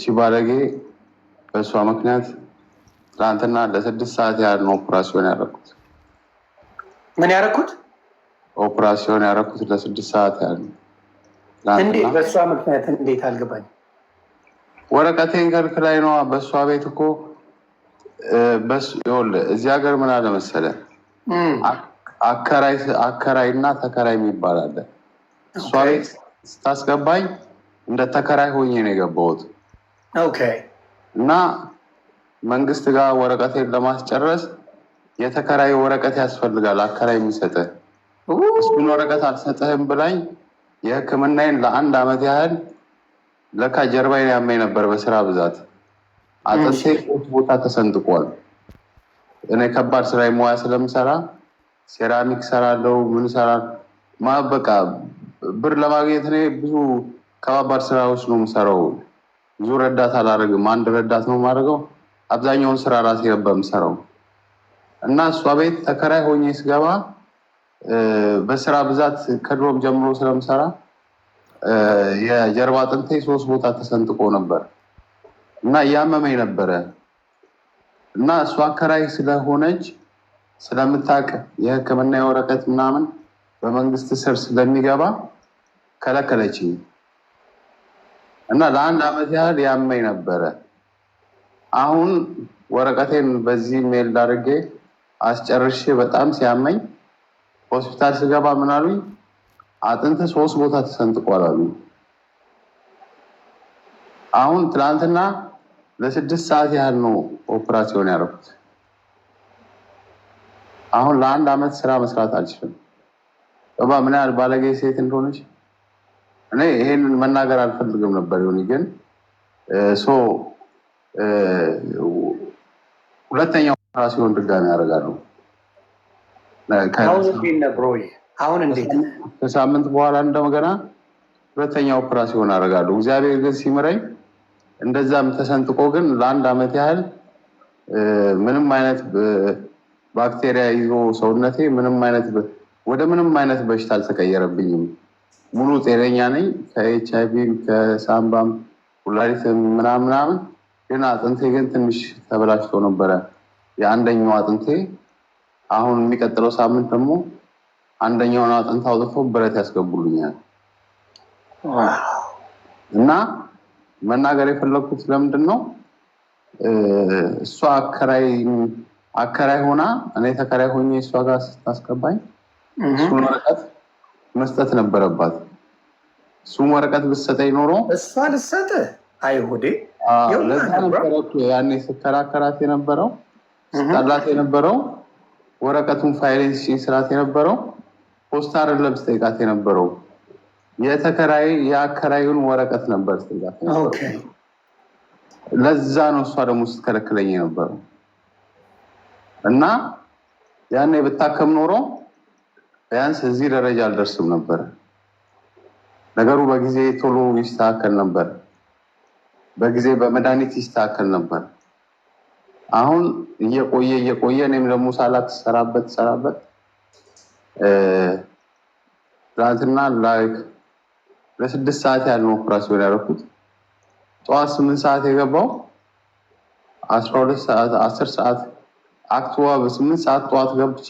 እቺ ባለጌ በእሷ ምክንያት ትናንትና ለስድስት ሰዓት ያህል ነው ኦፕራሲዮን ያደረኩት። ምን ያደረኩት? ኦፕራሲዮን ያደረኩት ለስድስት ሰዓት ያህል ነው። እንዴት በእሷ ምክንያት? እንዴት አልገባኝ። ወረቀቴን ከልክ ላይ ነዋ። በእሷ ቤት እኮ እዚህ ሀገር ምን አለ መሰለህ አከራይ እና ተከራይ የሚባል አለ። እሷ ቤት ስታስገባኝ እንደ ተከራይ ሆኜ ነው የገባሁት። እና መንግስት ጋር ወረቀቴን ለማስጨረስ የተከራይ ወረቀት ያስፈልጋል። አከራይ የሚሰጥ እሱን ወረቀት አልሰጥህም ብላኝ የሕክምናዬን ለአንድ አመት ያህል ለካ ጀርባዬን ያመኝ ነበር በስራ ብዛት አጥሴ ሶስት ቦታ ተሰንጥቋል። እኔ ከባድ ስራ ሙያ ስለምሰራ ሴራሚክ ሰራለው ምን ሰራ በቃ ብር ለማግኘት እኔ ብዙ ከባባድ ስራዎች ነው የምሰራው። ብዙ ረዳት አላደርግም። አንድ ረዳት ነው የማደርገው። አብዛኛውን ስራ ራሴ ነበር የምሰራው እና እሷ ቤት ተከራይ ሆኜ ስገባ በስራ ብዛት ከድሮም ጀምሮ ስለምሰራ የጀርባ አጥንቴ ሶስት ቦታ ተሰንጥቆ ነበር እና እያመመኝ ነበረ እና እሷ አከራይ ስለሆነች ስለምታቅ የሕክምና የወረቀት ምናምን በመንግስት ስር ስለሚገባ ከለከለችኝ። እና ለአንድ አመት ያህል ያመኝ ነበረ። አሁን ወረቀቴን በዚህ ሜል ዳርጌ አስጨርሼ በጣም ሲያመኝ ሆስፒታል ስገባ ምን አጥንት ሶስት ቦታ ተሰንጥቋል አሉ። አሁን ትናንትና ለስድስት ሰዓት ያህል ነው ኦፕራሲዮን ያደረኩት። አሁን ለአንድ አመት ስራ መስራት አልችልም። ባ ምን ያህል ባለጌ ሴት እንደሆነች እኔ ይሄንን መናገር አልፈልግም ነበር። ይሁን ግን ሁለተኛው ራሴ ሲሆን ድጋሚ ያደርጋሉ። ከሳምንት በኋላ እንደገና ሁለተኛ ኦፕራሲዮን አደርጋለሁ። እግዚአብሔር ግን ሲምረኝ እንደዛም ተሰንጥቆ ግን ለአንድ ዓመት ያህል ምንም አይነት ባክቴሪያ ይዞ ሰውነቴ ምንም አይነት ወደ ምንም አይነት በሽታ አልተቀየረብኝም። ሙሉ ጤነኛ ነኝ። ከኤች አይቪም ከሳምባም ኩላሊትም ምናምን ምናምን፣ ግን አጥንቴ ግን ትንሽ ተበላሽቶ ነበረ የአንደኛው አጥንቴ። አሁን የሚቀጥለው ሳምንት ደግሞ አንደኛውን አጥንት አውጥቶ ብረት ያስገቡልኛል። እና መናገር የፈለግኩት ለምንድን ነው እሷ አከራይ አከራይ ሆና እኔ ተከራይ ሆኜ እሷ ጋር ስታስገባኝ እሱን ወረቀት መስጠት ነበረባት። እሱም ወረቀት ብሰጠኝ ኖሮ እሷ ልሰጥ አይሁዴ ያኔ ስከራከራት የነበረው ስጠላት የነበረው ወረቀቱን ፋይሌን ስጪኝ ስላት የነበረው ፖስታ አይደለም ስጠይቃት የነበረው የተከራይ የአከራዩን ወረቀት ነበር ስጠይቃት ለዛ ነው እሷ ደግሞ ስትከለክለኝ የነበረው እና ያኔ ብታከም ኖሮ ቢያንስ እዚህ ደረጃ አልደርስም ነበር። ነገሩ በጊዜ ቶሎ ይስተካከል ነበር። በጊዜ በመድኃኒት ይስተካከል ነበር። አሁን እየቆየ እየቆየ እኔም ደግሞ ሳላት ሰራበት ሰራበት ትናንትና ላይክ ለስድስት ሰዓት ያለው ኦፕራሲዮን ያደረኩት ጠዋት ስምንት ሰዓት የገባው አስራ ሁለት ሰዓት አስር ሰዓት አክትዋ በስምንት ሰዓት ጠዋት ገብቼ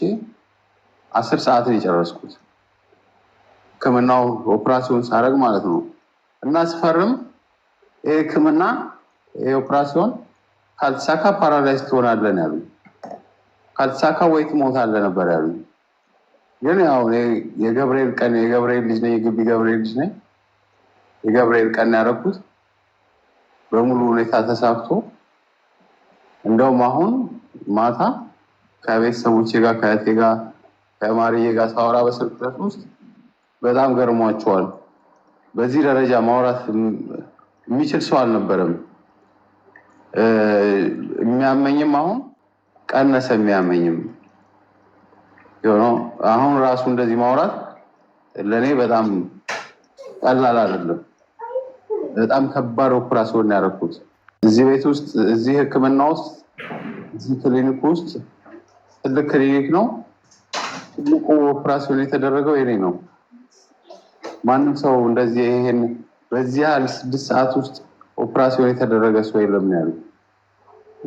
አስር ሰዓት ነው የጨረስኩት ህክምናው ኦፕራሲዮን ሳደርግ ማለት ነው። እና ስፈርም ይህ ሕክምና ይህ ኦፕራሲዮን ካልተሳካ ፓራላይዝ ትሆናለን ያሉ፣ ካልተሳካ ወይ ትሞታለህ ነበር ያሉ። ግን ያው የገብርኤል ቀን የገብርኤል ልጅ ነኝ፣ የግቢ ገብርኤል ልጅ ነኝ። የገብርኤል ቀን ያደረኩት በሙሉ ሁኔታ ተሳክቶ እንደውም አሁን ማታ ከቤተሰቦቼ ጋር ከያቴ ጋር ተማሪ ጋር ሳወራ ውስጥ በጣም ገርሟቸዋል። በዚህ ደረጃ ማውራት የሚችል ሰው አልነበረም። የሚያመኝም አሁን ቀነሰ። የሚያመኝም አሁን ራሱ እንደዚህ ማውራት ለእኔ በጣም ቀላል አይደለም። በጣም ከባድ ኦፕራሲዮን ያደረኩት እዚህ ቤት ውስጥ እዚህ ሕክምና ውስጥ እዚህ ክሊኒክ ውስጥ ትልቅ ክሊኒክ ነው። ትልቁ ኦፕራሲዮን የተደረገው የኔ ነው። ማንም ሰው እንደዚህ ይሄን በዚህ ያህል ስድስት ሰዓት ውስጥ ኦፕራሲዮን የተደረገ ሰው የለም ያሉ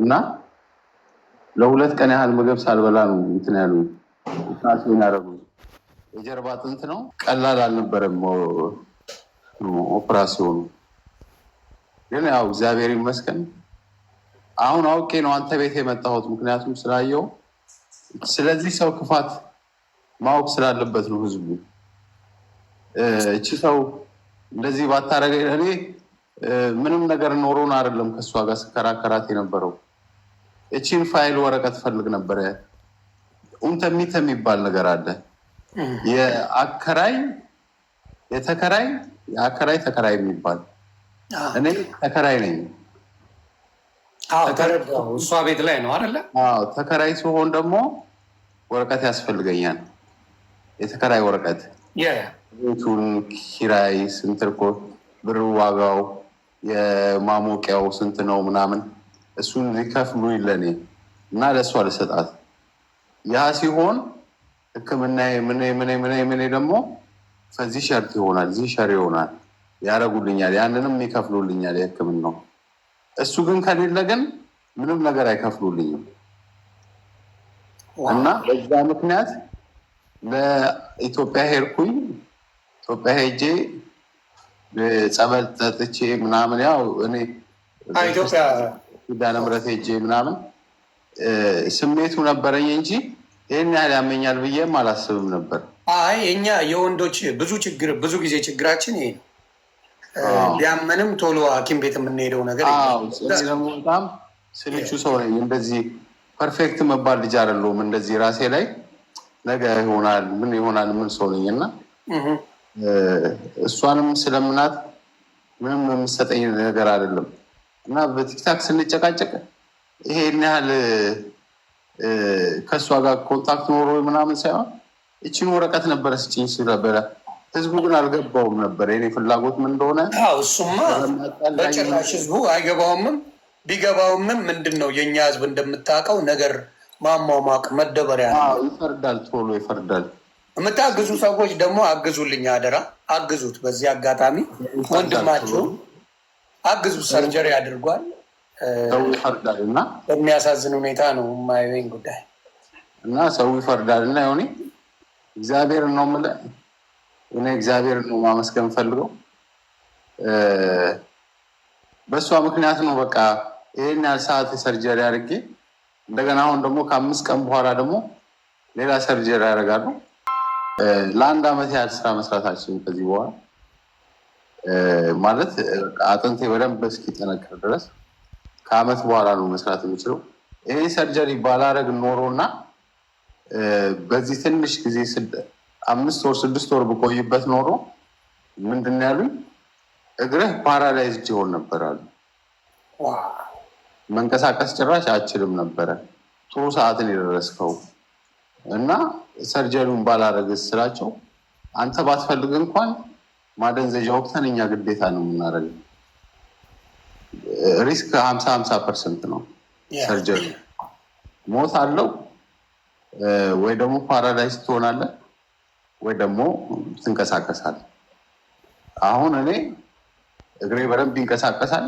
እና ለሁለት ቀን ያህል ምግብ ሳልበላ ነው እንትን ያሉ ኦፕራሲዮን ያደረጉ። የጀርባ አጥንት ነው። ቀላል አልነበረም ኦፕራሲዮኑ። ግን ያው እግዚአብሔር ይመስገን አሁን አውቄ ነው አንተ ቤት የመጣሁት፣ ምክንያቱም ስላየው ስለዚህ ሰው ክፋት ማወቅ ስላለበት ነው ህዝቡ። እቺ ሰው እንደዚህ ባታረገ እኔ ምንም ነገር ኖሮን አይደለም ከእሷ ጋር ስከራከራት የነበረው። እቺን ፋይል ወረቀት ፈልግ ነበረ። ኡንተሚተ የሚባል ነገር አለ። የአከራይ የተከራይ የአከራይ ተከራይ የሚባል እኔ ተከራይ ነኝ። እሷ ቤት ላይ ነው አይደለ? ተከራይ ሲሆን ደግሞ ወረቀት ያስፈልገኛል። የተከራይ ወረቀት ቤቱን ኪራይ ስንት እኮ ብር ዋጋው የማሞቂያው ስንት ነው ምናምን እሱን ሊከፍሉ ይለኔ እና ለእሱ አልሰጣት። ያ ሲሆን ህክምና ምን ምን ምን ደግሞ ከዚህ ሸርት ይሆናል እዚህ ሸር ይሆናል ያደርጉልኛል፣ ያንንም ይከፍሉልኛል የህክምናው። እሱ ግን ከሌለ ግን ምንም ነገር አይከፍሉልኝም እና በዛ ምክንያት በኢትዮጵያ ሄድኩኝ። ኢትዮጵያ ሄጄ ጸበል ጠጥቼ ምናምን ያው እኔ ኪዳነ ምሕረት ሄጄ ምናምን ስሜቱ ነበረኝ እንጂ ይህን ያህል ያመኛል ብዬም አላስብም ነበር። አይ እኛ የወንዶች ብዙ ችግር ብዙ ጊዜ ችግራችን ይሄ ሊያመንም ቶሎ ሐኪም ቤት የምንሄደው ነገር በጣም ስልቹ ሰው ነኝ። እንደዚህ ፐርፌክት መባል ልጅ አይደለሁም። እንደዚህ ራሴ ላይ ነገ ይሆናል ምን ይሆናል ምን ሰው ነኝ እና እሷንም ስለምናት ምንም የምሰጠኝ ነገር አይደለም እና በቲክታክ ስንጨቃጨቅ ይሄን ያህል ከእሷ ጋር ኮንታክት ኖሮ ምናምን ሳይሆን እችን ወረቀት ነበረ ስጭኝ ሲል ህዝቡ ግን አልገባውም ነበር የኔ ፍላጎት ምን እንደሆነ። እሱማ በጭራሽ ህዝቡ አይገባውምም። ቢገባውምም ምንድን ነው የእኛ ህዝብ እንደምታውቀው ነገር ማሟሟቅ መደበሪያ ነው። ይፈርዳል፣ ቶሎ ይፈርዳል። የምታግዙ ሰዎች ደግሞ አግዙልኝ፣ አደራ አግዙት። በዚህ አጋጣሚ ወንድማቸው አግዙ፣ ሰርጀሪ አድርጓል። ሰው ይፈርዳል እና በሚያሳዝን ሁኔታ ነው የማይወኝ ጉዳይ እና ሰው ይፈርዳል እና ሆኔ እግዚአብሔር ነው የምልህ እኔ እግዚአብሔር ነው ማመስገን ፈልገው በእሷ ምክንያት ነው በቃ ይህን ያህል ሰዓት ሰርጀሪ አድርጌ እንደገና አሁን ደግሞ ከአምስት ቀን በኋላ ደግሞ ሌላ ሰርጀሪ ያደርጋሉ። ለአንድ አመት ያህል ስራ መስራታችን ከዚህ በኋላ ማለት አጥንቴ በደንብ እስኪጠነክር ድረስ ከአመት በኋላ ነው መስራት የሚችለው። ይሄ ሰርጀሪ ባላረግ ኖሮ እና በዚህ ትንሽ ጊዜ አምስት ወር ስድስት ወር ብቆይበት ኖሮ ምንድን ያሉኝ እግርህ ፓራላይዝድ ይሆን ነበር አሉ። መንቀሳቀስ ጭራሽ አችልም ነበረ። ጥሩ ሰዓትን የደረስከው እና ሰርጀሪውን ባላረግዝ ስላቸው አንተ ባትፈልግ እንኳን ማደንዘዣ ወቅተን እኛ ግዴታ ነው የምናደርገው። ሪስክ ሀምሳ ሀምሳ ፐርሰንት ነው። ሰርጀሪ ሞት አለው ወይ ደግሞ ፓራዳይስ ትሆናለህ ወይ ደግሞ ትንቀሳቀሳል። አሁን እኔ እግሬ በደንብ ይንቀሳቀሳል።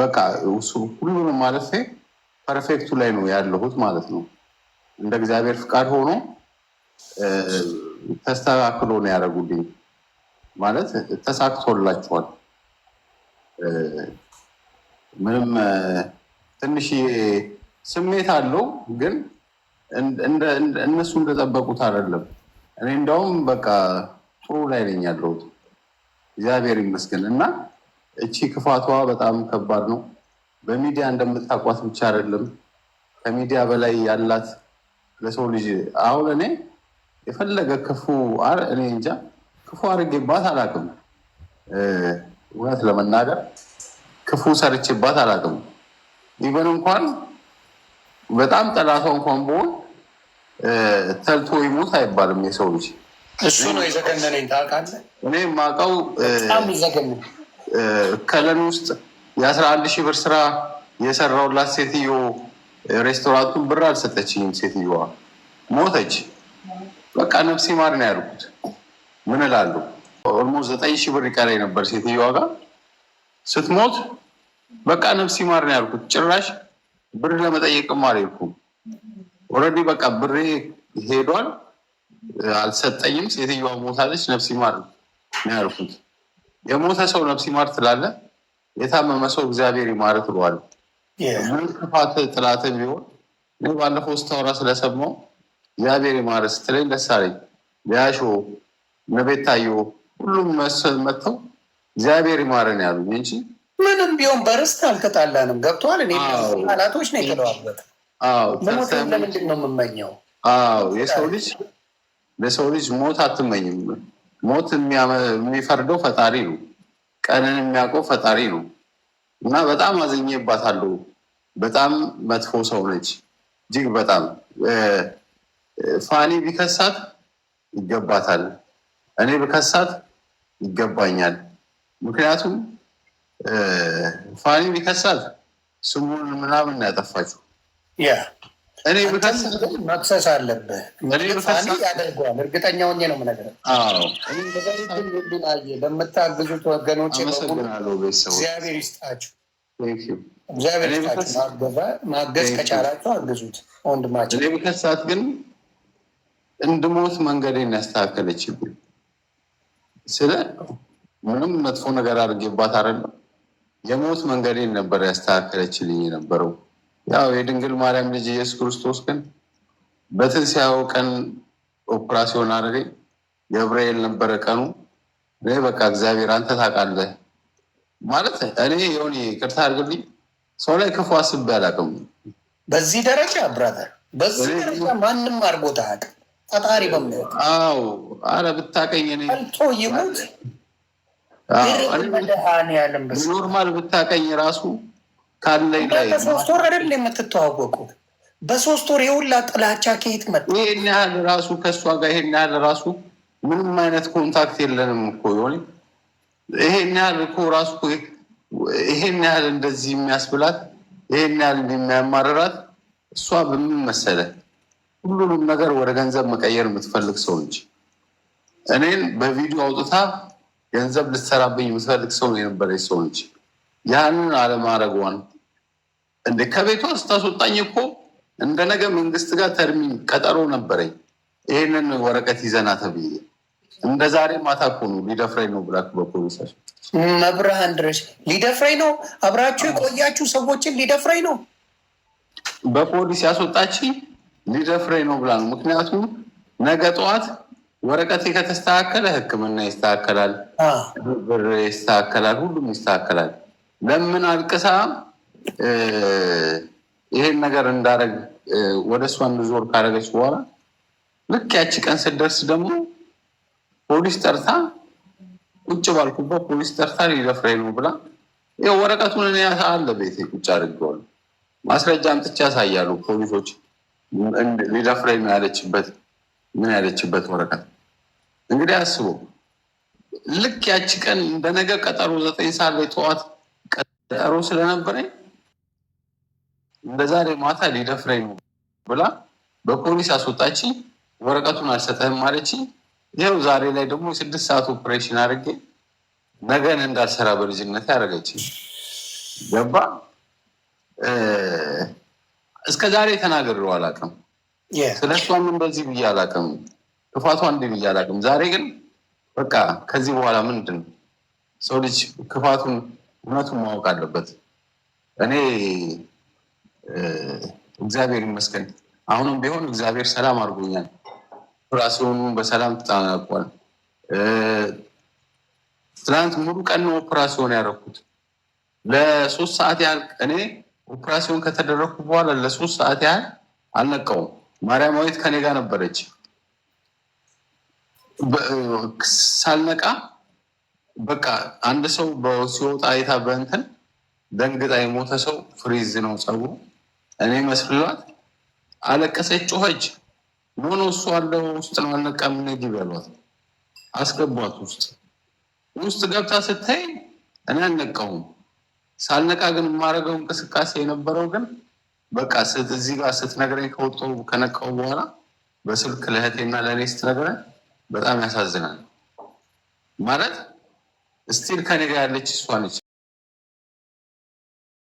በቃ ሁሉንም ማለት ፐርፌክቱ ላይ ነው ያለሁት ማለት ነው። እንደ እግዚአብሔር ፍቃድ ሆኖ ተስተካክሎ ነው ያደረጉልኝ ማለት ተሳክቶላቸዋል ምንም ትንሽ ስሜት አለው፣ ግን እነሱ እንደጠበቁት አይደለም። እኔ እንደውም በቃ ጥሩ ላይ ነኝ ያለሁት እግዚአብሔር ይመስገን እና እቺ ክፋቷ በጣም ከባድ ነው። በሚዲያ እንደምታቋት ብቻ አይደለም፣ ከሚዲያ በላይ ያላት ለሰው ልጅ አሁን እኔ የፈለገ ክፉ እኔ እንጃ ክፉ አድርጌባት አላቅም። እውነት ለመናገር ክፉ ሰርቼባት አላቅም። ኢቨን እንኳን በጣም ጠላቷ እንኳን በሆን ተልቶ ይሙት አይባልም የሰው ልጅ። እሱ ነው የዘገነነኝ ታውቃለህ። እኔ የማውቀው ከለን ውስጥ የአስራ አንድ ሺህ ብር ስራ የሰራውላት ሴትዮ ሬስቶራንቱን ብር አልሰጠችኝም። ሴትዮዋ ሞተች። በቃ ነፍሴ ማር ነው ያልኩት። ምን እላለሁ? ኦልሞስት ዘጠኝ ሺህ ብር ይቀረኝ ነበር ሴትዮዋ ጋር ስትሞት። በቃ ነፍሴ ማር ነው ያልኩት። ጭራሽ ብር ለመጠየቅም አልሄድኩም። ኦልሬዲ በቃ ብሬ ሄዷል፣ አልሰጠኝም። ሴትዮዋ ሞታለች። ነፍሴ ማር ነው ያልኩት። የሞተ ሰው ነፍስ ይማር ትላለ፣ የታመመ ሰው እግዚአብሔር ይማር ትለዋለህ። ምን ክፋት ጥላት ቢሆን እኔ ባለፈው ስታወራ ስለሰማው እግዚአብሔር ይማር ስትለኝ ደስ አለኝ። ቢያሾ ነቤት ታየው ሁሉም መስል መጥተው እግዚአብሔር ይማረን ያሉ እንጂ ምንም ቢሆን በርስት አልተጣላንም። ገብተዋል። እኔ ቃላቶች ነው የተለዋበት። ለምንድን ነው የምመኘው? የሰው ልጅ ለሰው ልጅ ሞት አትመኝም ሞት የሚፈርደው ፈጣሪ ነው። ቀንን የሚያውቀው ፈጣሪ ነው። እና በጣም አዝኜባታለሁ። በጣም መጥፎ ሰው ነች። እጅግ በጣም ፋኒ ቢከሳት ይገባታል። እኔ ብከሳት ይገባኛል። ምክንያቱም ፋኒ ቢከሳት ስሙን ምናምን ያጠፋችው። እኔ መክሰስ አለብህ ያደርገዋል። እርግጠኛውን ነው የምነግርህ። ለምታግዙት ወገኖች እግዚአብሔር ይስጣችሁ። እግዚአብሔር ይስጣችሁ። ማገዝ ከቻላችሁ አግዙት ወንድማችን። እኔ ብከሳት ግን እንድሞት መንገዴን ያስተካከለች ስለ ምንም መጥፎ ነገር አድርጌባት አይደለም። የሞት መንገዴን ነበር ያስተካከለችልኝ የነበረው ያው የድንግል ማርያም ልጅ ኢየሱስ ክርስቶስ ግን በትንሣኤው ቀን ኦፕራሲዮን አድርገኝ ገብርኤል ነበረ ቀኑ። እኔ በቃ እግዚአብሔር አንተ ታውቃለህ ማለት እኔ የሆን ቅርታ አድርግልኝ፣ ሰው ላይ ክፉ አስቤ አላውቅም። በዚህ ደረጃ ብራተር፣ በዚህ ደረጃ ማንም አድርጎት አያውቅም። ፈጣሪ በሚያውቅ አረ ብታቀኝ እኔ ልጦ ይሙት ኖርማል ብታቀኝ ራሱ ከሶስት ወር አይደል የምትተዋወቁ? በሶስት ወር የሁላ ጥላቻ ከየት መጣ? ያህል ራሱ ከእሷ ጋር ይሄን ያህል ራሱ ምንም አይነት ኮንታክት የለንም እኮ ይሆን ይሄን ያህል እኮ ራሱ ይሄን ያህል እንደዚህ የሚያስብላት ይሄን ያህል የሚያማርራት እሷ በምን መሰለ ሁሉንም ነገር ወደ ገንዘብ መቀየር የምትፈልግ ሰው እንጂ እኔን በቪዲዮ አውጥታ ገንዘብ ልትሰራብኝ የምትፈልግ ሰው የነበረች ሰው እንጂ ያንን አለማድረጓን እንደ ከቤቷ ስታስወጣኝ እኮ እንደነገ መንግስት ጋር ተርሚን ቀጠሮ ነበረኝ። ይህንን ወረቀት ይዘና ተብዬ እንደ ዛሬ ማታ እኮ ነው ሊደፍረኝ ነው ብላ በፖሊስ መብርሃን ድረስ ሊደፍረኝ ነው። አብራችሁ የቆያችሁ ሰዎችን ሊደፍረኝ ነው፣ በፖሊስ ያስወጣችኝ ሊደፍረኝ ነው ብላ ነው። ምክንያቱም ነገ ጠዋት ወረቀቴ ከተስተካከለ ሕክምና ይስተካከላል፣ ብር ይስተካከላል፣ ሁሉም ይስተካከላል። ለምን አልቅሳ ይሄን ነገር እንዳረግ ወደ እሷ እንድዞር ካደረገች በኋላ ልክ ያቺ ቀን ስደርስ ደግሞ ፖሊስ ጠርታ ቁጭ ባልኩበት ፖሊስ ጠርታ ሊደፍረኝ ነው ብላ ይኸው ወረቀቱን እኔ አለ ቤቴ ቁጭ አድርገዋል። ማስረጃ አምጥቼ ያሳያሉ ፖሊሶች ሊደፍረኝ ነው ያለችበት ምን ያለችበት ወረቀት እንግዲህ አስቡ። ልክ ያቺ ቀን እንደነገ ቀጠሮ ዘጠኝ ሰዓት ላይ ጠዋት ቀጠሮ ስለነበረኝ በዛሬ ማታ ሊደፍረኝ ብላ በፖሊስ አስወጣች። ወረቀቱን አልሰጠህም ማለች። ይኸው ዛሬ ላይ ደግሞ ስድስት ሰዓት ኦፕሬሽን አድርጌ ነገን እንዳልሰራ በልጅነት ያደረገች ገባ። እስከ ዛሬ ተናግሬው አላውቅም። ስለ እሷም እንደዚህ ብዬ አላውቅም። ክፋቷ እንዲህ ብዬ አላውቅም። ዛሬ ግን በቃ ከዚህ በኋላ ምንድን ሰው ልጅ ክፋቱን እውነቱን ማወቅ አለበት። እኔ እግዚአብሔር ይመስገን። አሁንም ቢሆን እግዚአብሔር ሰላም አድርጎኛል። ኦፕራሲዮኑ በሰላም ተጠናቋል። ትናንት ሙሉ ቀን ነው ኦፕራሲዮን ያደረኩት። ለሶስት ሰዓት ያህል እኔ ኦፕራሲዮን ከተደረግኩ በኋላ ለሶስት ሰዓት ያህል አልነቃውም። ማርያማዊት ከኔ ጋር ነበረች። ሳልነቃ በቃ አንድ ሰው ሲወጣ አይታ በእንትን ደንግጣ የሞተ ሰው ፍሪዝ ነው ፀጉሩ። እኔ መስሏት አለቀሰች፣ ጮኸች። ሆኖ እሱ አለው ውስጥ ነው አልነቃም፣ ንግ ይበሏት፣ አስገቧት ውስጥ ውስጥ ገብታ ስታይ እኔ አልነቃውም። ሳልነቃ ግን የማደርገው እንቅስቃሴ የነበረው ግን በቃ እዚህ ጋር ስትነግረኝ ከወጣሁ ከነቃው በኋላ በስልክ ለእህቴና ለእኔ ስትነግረኝ በጣም ያሳዝናል። ማለት ስቲል ከኔ ጋር ያለች እሷ ነች።